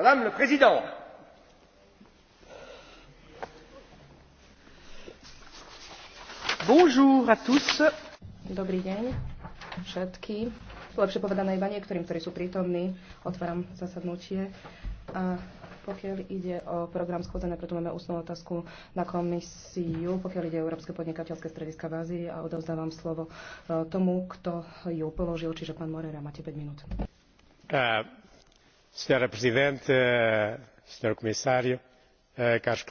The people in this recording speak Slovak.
Madame la Présidente, Bonjour à tous. Dobrý deň všetkým. Lepšie povedané iba niektorým, ktorí sú prítomní. Otváram zasadnutie. A pokiaľ ide o program schôdzené, preto máme ústnú otázku na komisiu, pokiaľ ide o Európske podnikateľské strediska v Ázii a odovzdávam slovo e, tomu, kto ju položil, čiže pán Morera, máte 5 minút. Uh senhora presidente eh, senhor comissário eh, caros colegas